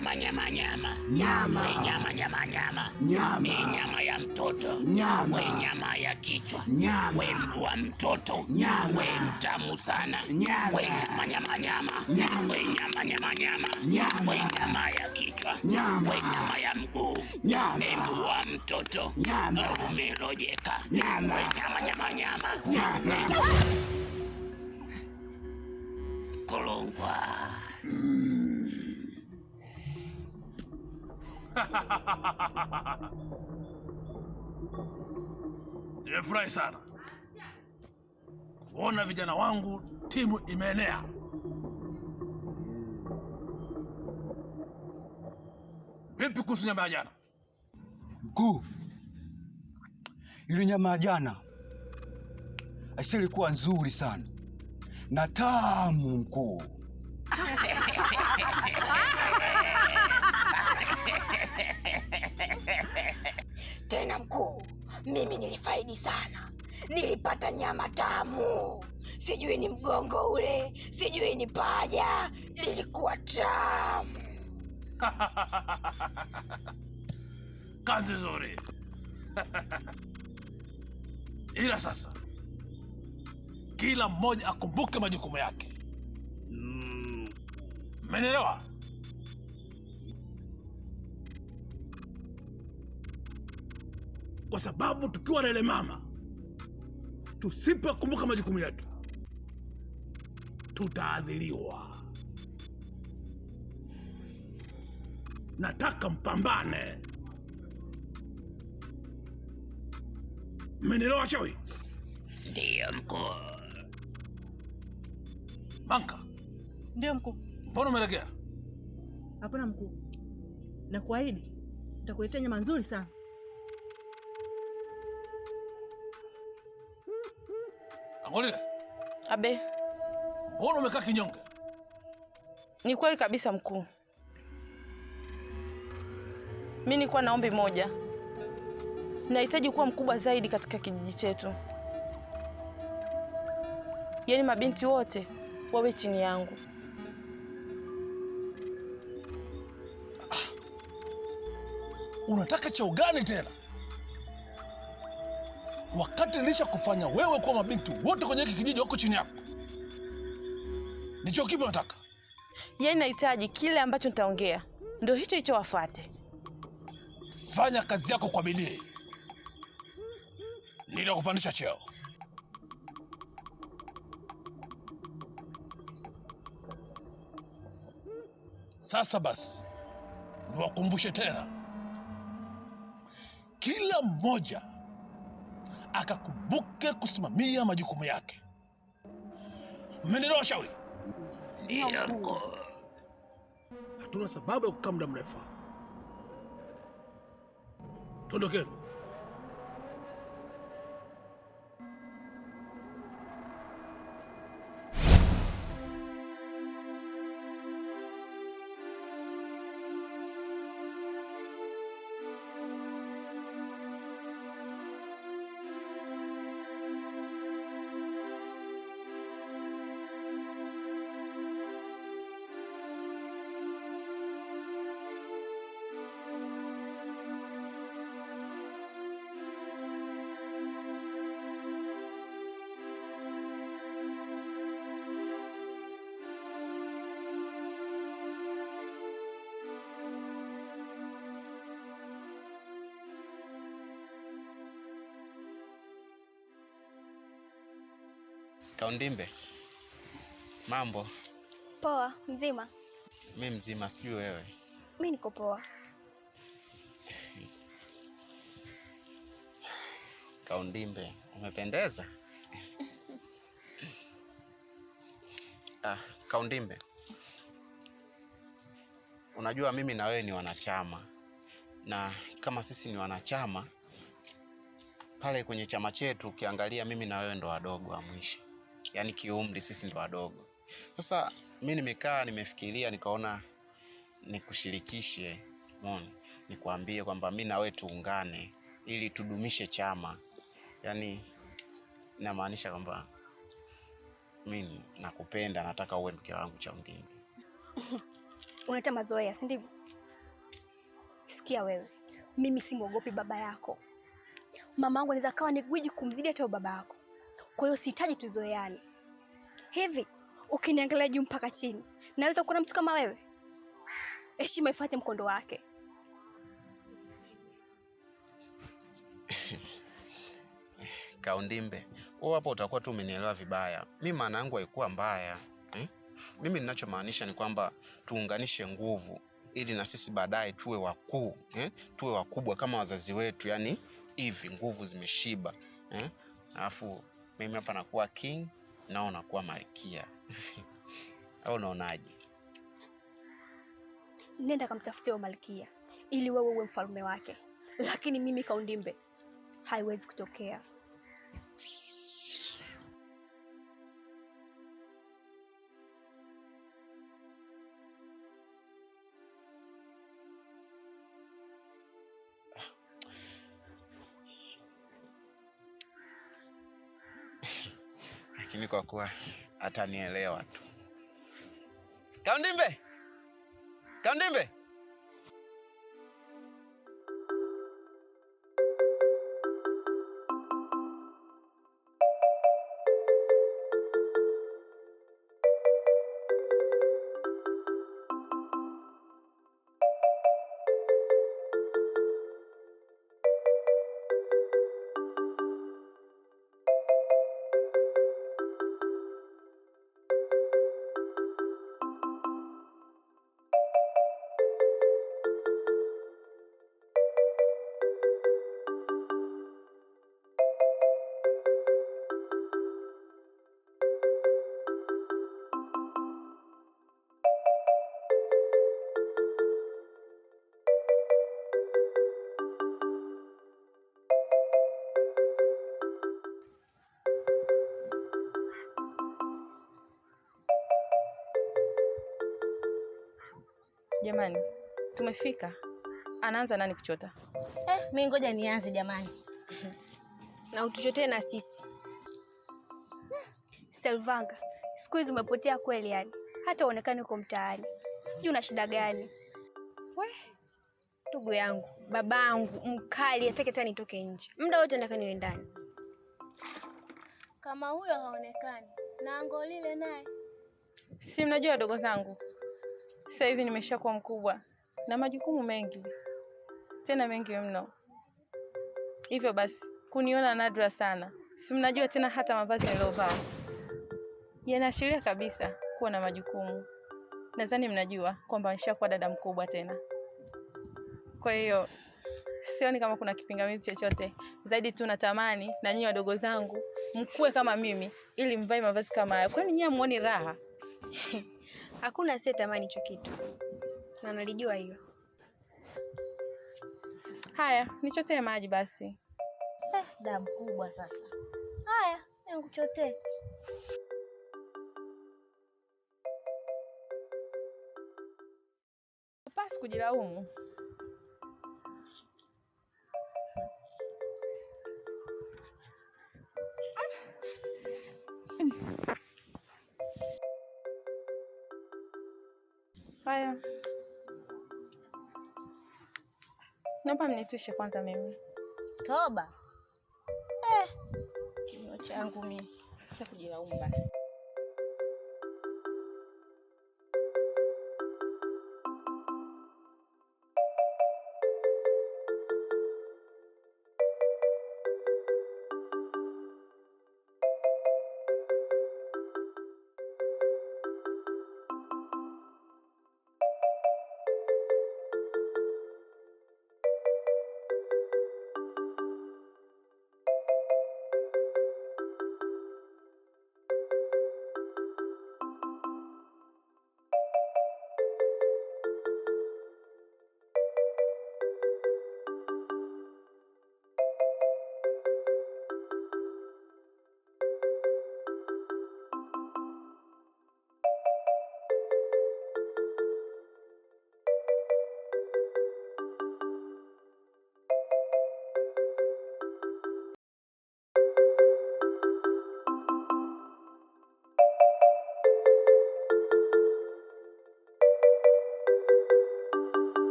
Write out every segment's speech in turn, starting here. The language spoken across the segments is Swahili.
nyama nyama nyama nyama nyama nyama nyama nyama nyama ya mtoto nyama nyama ya kichwa nyama we wa mtoto nyama mtamu sana nyama nyama nyama nyama nyama nyama nyama nyama nyama nyama ya kichwa nyama nyama ya mguu nyama mguu wa mtoto nyama umelojeka nyama nyama nyama nyama nyama kolongwa mm. Nimefurahi sana kuona vijana wangu, timu imeenea. Vipi kuhusu nyama ya jana? Mkuu, ile nyama ya jana aisee, ilikuwa nzuri sana na tamu mkuu. Tena mkuu, mimi nilifaidi sana, nilipata nyama tamu, sijui ni mgongo ule, sijui ni paja, ilikuwa tamu. Kazi nzuri ila sasa kila mmoja akumbuke majukumu yake, mmenielewa? Mm. kwa sababu tukiwa na ile mama, tusipokumbuka majukumu yetu, tutaadhiliwa. Nataka mpambane, mmenielewa chawi? Ndiyo mkuu. Banka. Ndiyo mkuu. Mbona umelegea? Hapana mkuu, nakuahidi nitakuletea nyama nzuri sana. Angolile. Abe. Mbona umekaa kinyonge? Ni kweli kabisa mkuu. Mimi nilikuwa na ombi moja. Nahitaji kuwa mkubwa zaidi katika kijiji chetu, yaani mabinti wote wawe chini yangu. Unataka cheo gani tena? wakati kufanya wewe kuwa mabinti wote kwenye hiki kijiji wako chini yako. Nicho kipi unataka? Yeye nahitaji kile ambacho nitaongea ndio hicho hicho wafuate. Fanya kazi yako kwa bidii, nitakupandisha cheo. Sasa basi, niwakumbushe tena, kila mmoja akakumbuke kusimamia majukumu yake. Mmenielewa shauri? Hatuna sababu ya kukaa muda mrefu. Tondokeni. Kaundimbe, mambo poa? Mzima mi mzima, sijui wewe. Mi niko poa. Kaundimbe, umependeza. Ah, Kaundimbe, unajua mimi na wewe ni wanachama, na kama sisi ni wanachama pale kwenye chama chetu, ukiangalia mimi na wewe ndo wadogo wa mwisho yani kiumri sisi ndo wadogo. Sasa mi nimekaa nimefikiria, nikaona nikushirikishe Mon, nikuambie kwamba mi na wewe tuungane ili tudumishe chama. Yani namaanisha kwamba mi nakupenda, nataka uwe mke wangu Chamdimbi. Unaita mazoea, si ndivyo? Sikia wewe, mimi simwogopi baba yako. Mama yangu anaweza kawa ni gwiji kumzidi hata baba yako kwa hiyo sihitaji tuzoeane. Yaani. Hivi ukiniangalia juu mpaka chini, naweza kuona mtu kama wewe? Heshima ifuate mkondo wake. Kaundimbe, wewe hapo utakuwa tu umenielewa vibaya. Mimi maana yangu haikuwa mbaya eh? Mimi ninachomaanisha ni kwamba tuunganishe nguvu ili na sisi baadaye tuwe wakuu eh? Tuwe wakubwa kama wazazi wetu, yani hivi nguvu zimeshiba eh? mimi hapa nakuwa king na unakuwa malkia au unaonaje? Nenda kamtafutia wa malkia ili wewe uwe mfalme wake, lakini mimi kaundimbe haiwezi kutokea. atakuwa atanielewa tu. Kaundimbe, Kaundimbe. Jamani, tumefika. Anaanza nani kuchota? Eh, mimi ngoja nianze jamani. Na utuchotee na sisi. Selvanga, siku hizi umepotea kweli yani. Hata uonekane uko mtaani. Sijui una shida gani? We, ndugu yangu, babangu mkali, atake tani nitoke nje. Muda wote nataka niwe ndani. Kama huyo haonekani, na ango lile naye. Si mnajua dogo zangu sasa hivi nimeshakuwa mkubwa na majukumu mengi tena mengi mno, hivyo basi kuniona nadra sana. Si mnajua tena, hata mavazi niliyovaa yanaashiria kabisa kuwa na majukumu. Nadhani mnajua kwamba nishakuwa dada mkubwa tena, kwa hiyo sioni kama kuna kipingamizi chochote zaidi tu natamani na nyinyi wadogo zangu mkue kama mimi, ili mvae mavazi kama hayo. Kwani nyinyi hamuoni raha? Hakuna asiyetamani hicho kitu, na nalijua hiyo Haya, nichotee maji basi. Eh, damu kubwa sasa. Haya, nikuchotee. Upasi kujilaumu. Haya, naomba mnitushe kwanza mimi. Toba eh, changu mimi kujilaumu basi.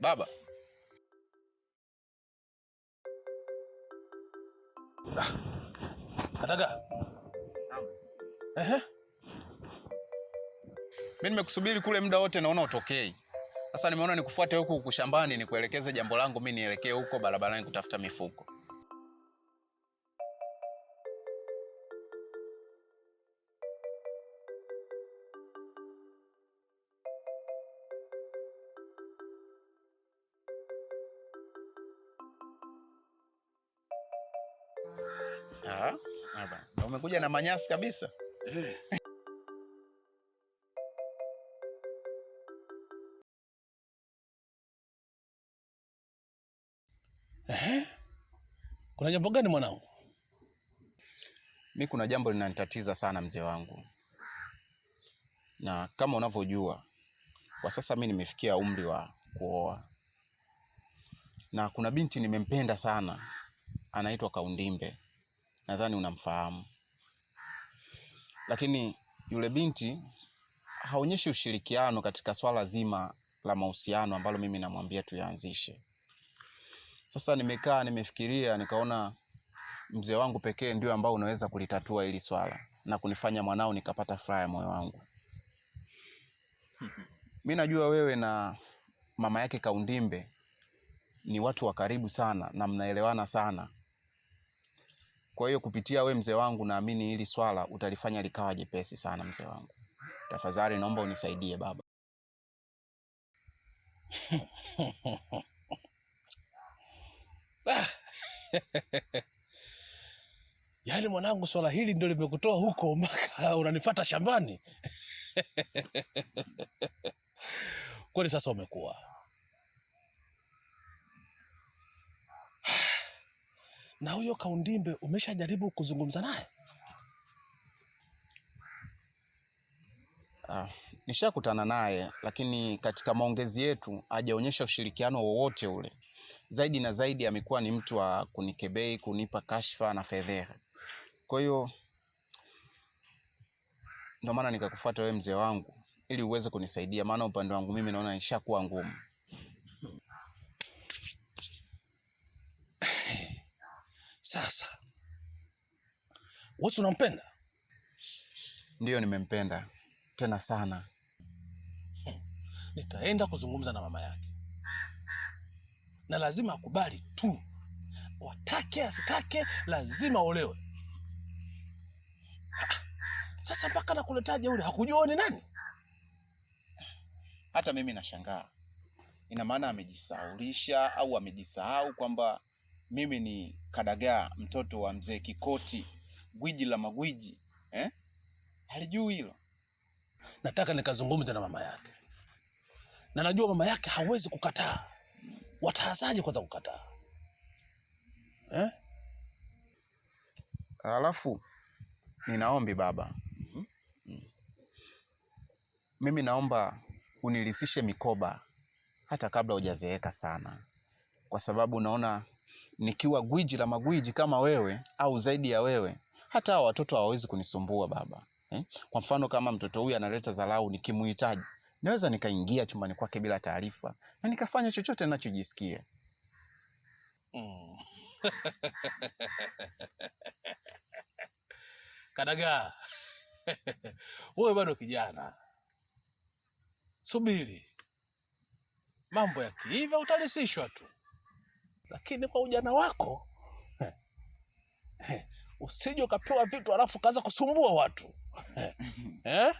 baba Kadaga. Ehe. Mimi nimekusubiri kule muda wote naona utokei. Sasa nimeona nikufuate huku kushambani shambani nikuelekeze jambo langu mimi nielekee huko barabarani kutafuta mifuko. na manyasi kabisa. Eh, kuna jambo gani mwanangu? Mi kuna jambo linanitatiza sana mzee wangu, na kama unavyojua kwa sasa mi nimefikia umri wa kuoa, na kuna binti nimempenda sana, anaitwa Kaundimbe, nadhani unamfahamu lakini yule binti haonyeshi ushirikiano katika swala zima la mahusiano ambalo mimi namwambia tuyaanzishe. Sasa nimekaa nimefikiria, nikaona mzee wangu pekee ndio ambao unaweza kulitatua hili swala na kunifanya mwanao nikapata furaha ya moyo wangu. mi najua wewe na mama yake Kaundimbe ni watu wa karibu sana na mnaelewana sana. Kwa hiyo kupitia we mzee wangu, naamini hili swala utalifanya likawa jepesi sana. Mzee wangu, tafadhali naomba unisaidie baba. Yaani mwanangu, swala hili ndio limekutoa huko mpaka unanifata shambani. Kweli sasa umekuwa Na huyo Kaundimbe umeshajaribu kuzungumza naye? Ah, nishakutana naye lakini katika maongezi yetu hajaonyesha ushirikiano wowote ule. Zaidi na zaidi amekuwa ni mtu wa kunikebei, kunipa kashfa na fedheha. Kwa hiyo ndio maana nikakufuata wewe mzee wangu ili uweze kunisaidia, maana upande wangu mimi naona ishakuwa ngumu. Wewe unampenda? Ndiyo, nimempenda tena sana. Nitaenda kuzungumza na mama yake na lazima akubali tu, watake asitake, lazima olewe. Ah, sasa mpaka nakuletaje ule hakujua ni nani? Hata mimi nashangaa, ina maana amejisaulisha au amejisahau kwamba mimi ni Kadagaa, mtoto wa mzee Kikoti gwiji la magwiji eh? Alijui hilo. Nataka nikazungumze na mama yake, na najua mama yake hawezi kukataa. Watazaje kwanza kukataa eh? Alafu ninaombi baba, mhm. Mimi naomba unilisishe mikoba hata kabla hujazeeka sana, kwa sababu naona nikiwa gwiji la magwiji kama wewe au zaidi ya wewe hata hawa watoto hawawezi kunisumbua baba eh? Kwa mfano kama mtoto huyu analeta dharau, nikimuhitaji naweza nikaingia chumbani kwake bila taarifa na nikafanya chochote ninachojisikia. mm. Kadagaa, wewe bado kijana, subiri mambo yakiiva utalisishwa tu, lakini kwa ujana wako usije ukapewa vitu alafu kaanza kusumbua watu eh?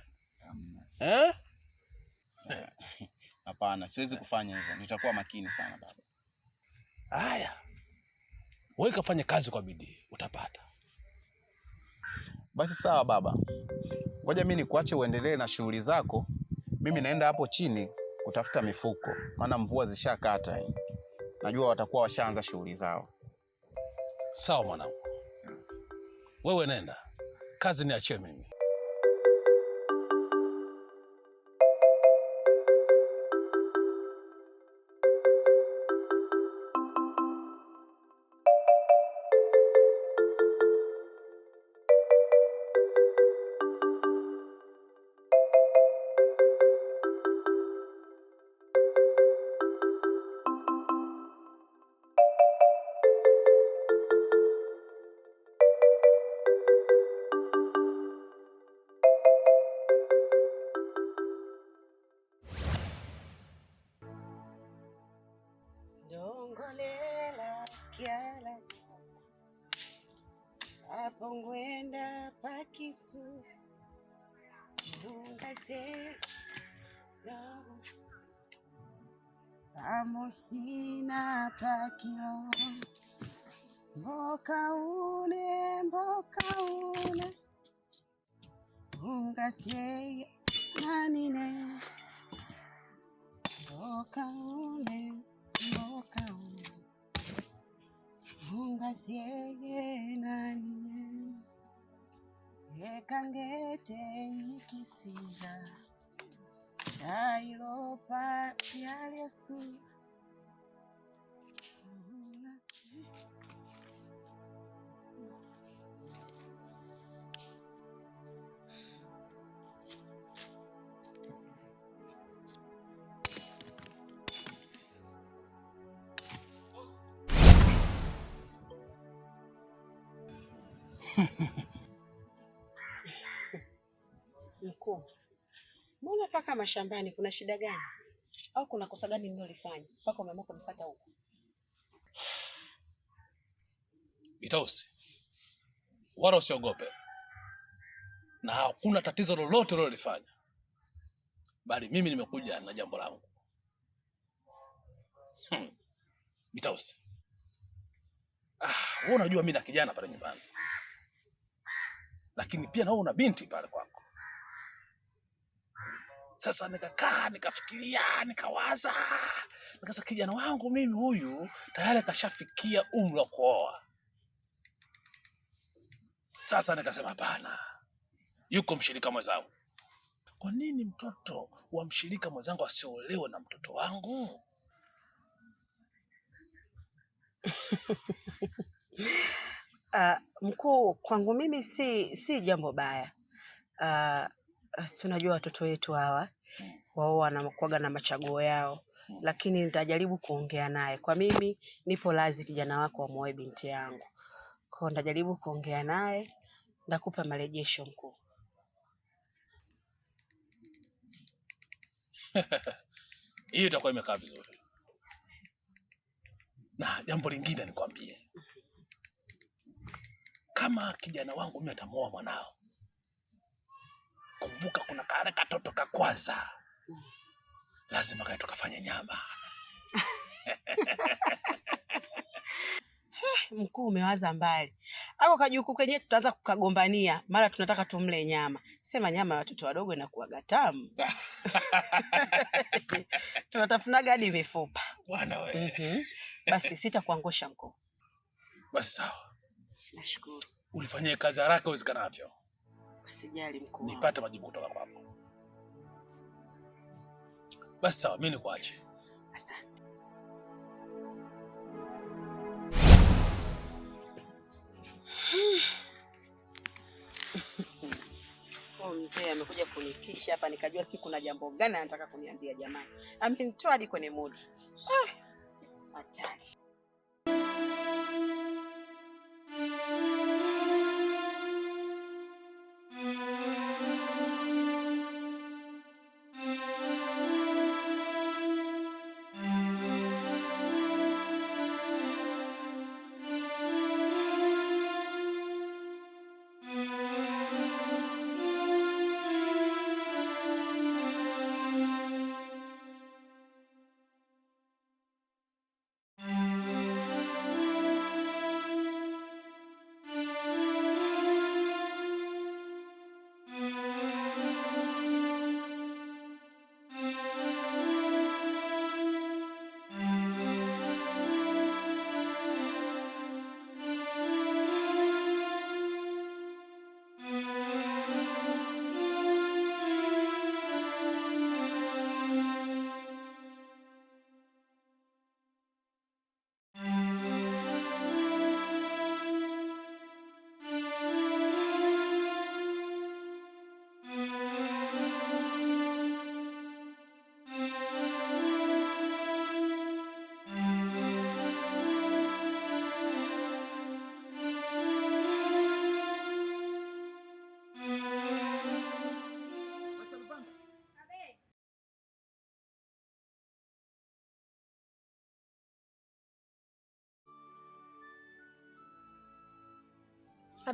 Eh? Hapana, siwezi kufanya hivyo, nitakuwa makini sana baba. Haya, wewe kafanya kazi kwa bidii, utapata. Basi sawa baba, ngoja mimi nikuache uendelee na shughuli zako. Mimi naenda hapo chini kutafuta mifuko, maana mvua zishakata. Najua watakuwa washaanza shughuli zao. Sawa mwanangu. Wewe nenda, kazi niachie mimi. Mokio, mboka ule, mboka ule ungasie nanine, mboka ule, mboka ule ungasie nanine, ekangete ikisiga dailopa ya mkuu, mbona paka mashambani? Kuna shida gani au kuna kosa gani mlilofanya mpaka umeamua kunifuata huko? Bitausi, wala usiogope, na hakuna tatizo lolote ulilofanya, bali mimi nimekuja na jambo langu. Hmm. Bitausi, ah, wewe unajua mimi na kijana pale nyumbani, lakini pia na wewe una binti pale kwako sasa nikakaa nikafikiria, nikawaza, nikasema kijana wangu mimi huyu tayari kashafikia umri wa kuoa. Sasa nikasema hapana, yuko mshirika mwenzangu. Kwa nini mtoto wa mshirika mwenzangu asiolewe na mtoto wangu? Uh, mkuu, kwangu mimi si si jambo baya. Uh, si unajua watoto wetu hawa mm. wao wanakuaga na machaguo yao, mm. lakini nitajaribu kuongea naye. Kwa mimi nipo lazi, kijana wako wamuoe binti yangu, kwa nitajaribu kuongea naye, ndakupa marejesho mkuu. hiyo itakuwa imekaa vizuri. Na jambo lingine nikwambie, mm-hmm. kama kijana wangu mimi atamuoa mwanao Kumbuka kuna kana katoto kakwaza, lazima kae tukafanya nyama. Mkuu, umewaza mbali. Ako kajuku kenyewe tutaanza kukagombania, mara tunataka tumle nyama. Sema nyama ya watoto wadogo inakuwaga tamu tunatafunaga hadi mifupa bwana wewe. mm -hmm. Basi sitakuangusha mkuu. Basi sawa, nashukuru. Ulifanyia kazi haraka uwezekanavyo. Usijali mkuu. Nipata majibu kutoka kwako. Basi sawa, mimi nikuache. Asante. Oh, mzee amekuja kunitisha hapa, nikajua si kuna jambo gani anataka kuniambia. Jamani, amenitoa hadi kwenye mood. Ah, hatari.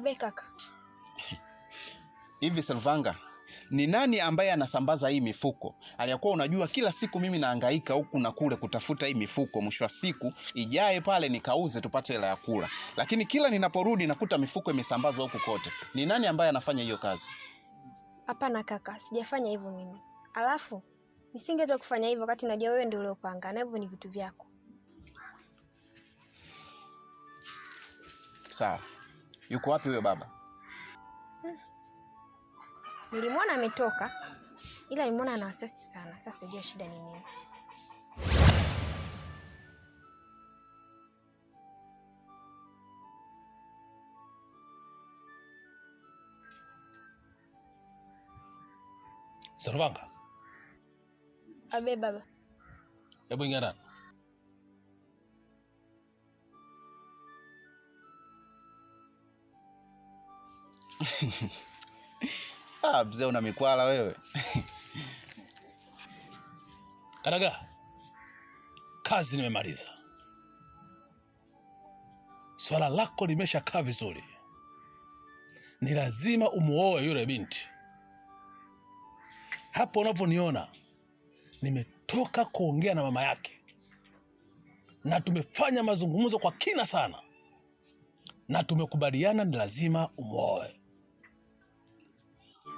Be kaka, hivi Selvanga, ni nani ambaye anasambaza hii mifuko? Aliyakuwa unajua kila siku mimi naangaika huku na kule kutafuta hii mifuko, mwisho wa siku ijaye pale nikauze tupate hela ya kula, lakini kila ninaporudi nakuta mifuko imesambazwa huku kote. Ni nani ambaye anafanya hiyo kazi? Hapana kaka, sijafanya hivyo mimi. Alafu nisingeweza kufanya hivyo wakati najua wewe ndio uliopanga, na hivyo ni vitu vyako. Sawa. Yuko wapi huyo baba? Hmm. Nilimwona ametoka ila nilimwona ana wasiwasi sana. Sasa sijui shida ni nini. Sarvanga. Abe baba. Hebu ingia ndani. Ah, mzee una mikwala wewe. kadaga kazi nimemaliza, swala lako limeshakaa vizuri. Ni lazima umuoe yule binti. Hapo unavyoniona nimetoka kuongea na mama yake, na tumefanya mazungumzo kwa kina sana, na tumekubaliana ni lazima umuoe.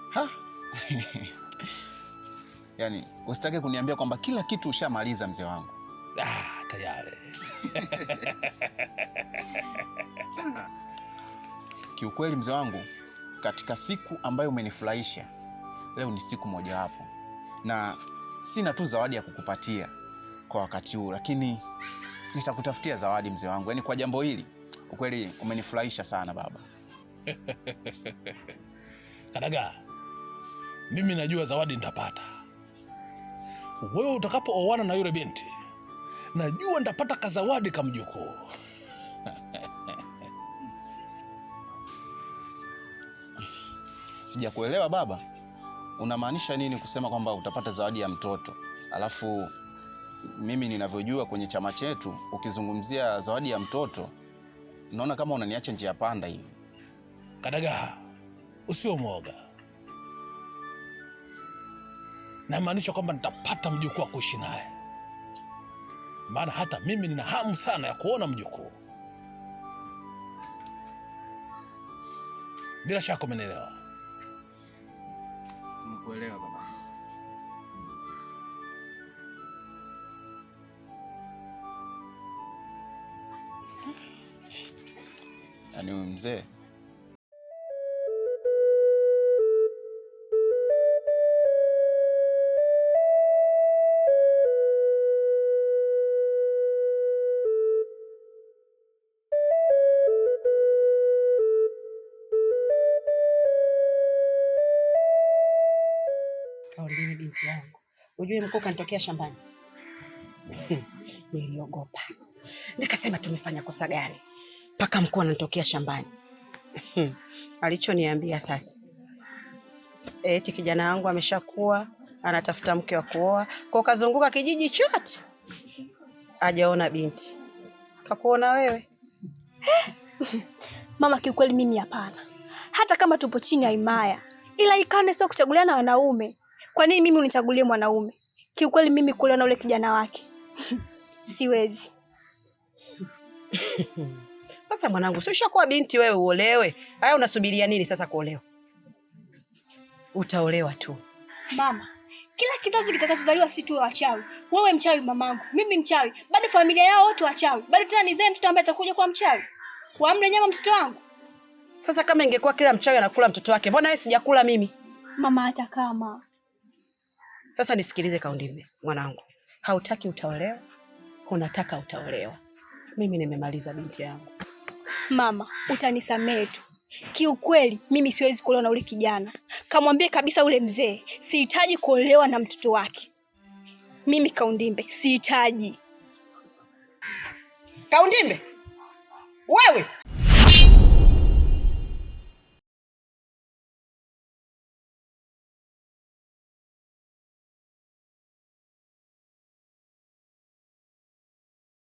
yani usitake kuniambia kwamba kila kitu ushamaliza mzee wangu. Ah, tayari. Kiukweli mzee wangu, katika siku ambayo umenifurahisha leo ni siku mojawapo, na sina tu zawadi ya kukupatia kwa wakati huu, lakini nitakutafutia zawadi mzee wangu. Yaani kwa jambo hili ukweli umenifurahisha sana baba. Kadagaa mimi najua zawadi nitapata. Wewe utakapooana na yule binti, najua nitapata kazawadi kamjukuu. Sijakuelewa baba, unamaanisha nini kusema kwamba utapata zawadi ya mtoto? Alafu mimi ninavyojua kwenye chama chetu, ukizungumzia zawadi ya mtoto, naona kama unaniacha njia panda hivi. kadagaha usio mwoga namaanisha kwamba nitapata mjukuu wa kuishi naye, maana hata mimi nina hamu sana ya kuona mjukuu. Bila shaka umenielewa. Nimekuelewa baba. Yaani mzee kaulini, binti yangu, ujue mkoo kanitokea shambani. Niliogopa nikasema, tumefanya kosa gani mpaka mkoo anatokea shambani? Alichoniambia sasa eti kijana wangu ameshakuwa anatafuta mke wa kuoa, kwa kazunguka kijiji chote ajaona binti, kakuona wewe Mama, kiukweli mimi hapana, hata kama tupo chini ya himaya, ila ikane sio kuchaguliana wanaume kwa nini mimi unichagulie mwanaume? Kiukweli mimi kule na ule kijana wake siwezi. Sasa mwanangu, si ushakuwa binti wewe, uolewe. Haya, unasubiria nini sasa kuolewa? Utaolewa tu mama. Kila kizazi kitakachozaliwa si tu wachawi. Wewe mchawi mamangu, mimi mchawi, bado familia yao wote wachawi, bado tena nizae mtoto ambaye atakuja kuwa mchawi. Waamle nyama mtoto wangu. Sasa kama ingekuwa kila mchawi anakula mtoto wake, mbona wewe sijakula mimi? Mama hata kama sasa nisikilize Kaundimbe mwanangu, hautaki utaolewa, unataka utaolewa. Mimi nimemaliza binti yangu. Mama, utanisamehe tu. Kiukweli mimi siwezi kuolewa na ule kijana. Kamwambie kabisa ule mzee, sihitaji kuolewa na mtoto wake. Mimi Kaundimbe sihitaji. Kaundimbe wewe